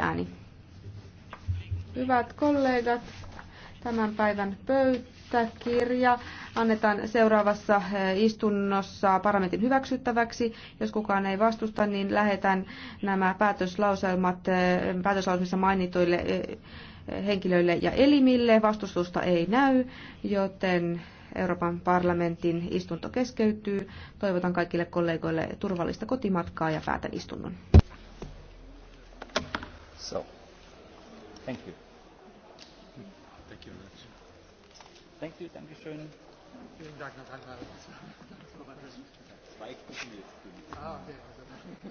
ääni. Hyvät kollegat, tämän päivän pöytäkirja annetaan seuraavassa eh, istunnossa parlamentin hyväksyttäväksi. Jos kukaan ei vastusta, niin lähetän nämä päätöslauselmat eh, päätöslauselmissa mainituille eh, henkilöille ja elimille. Vastustusta ei näy, joten Euroopan parlamentin istunto keskeytyy. Toivotan kaikille kollegoille turvallista kotimatkaa ja päätän istunnon. So, thank you. Thank you very much. Thank you, danke schön. Vielen Dank noch einmal. Zwei Kuchen jetzt. Ah, okay.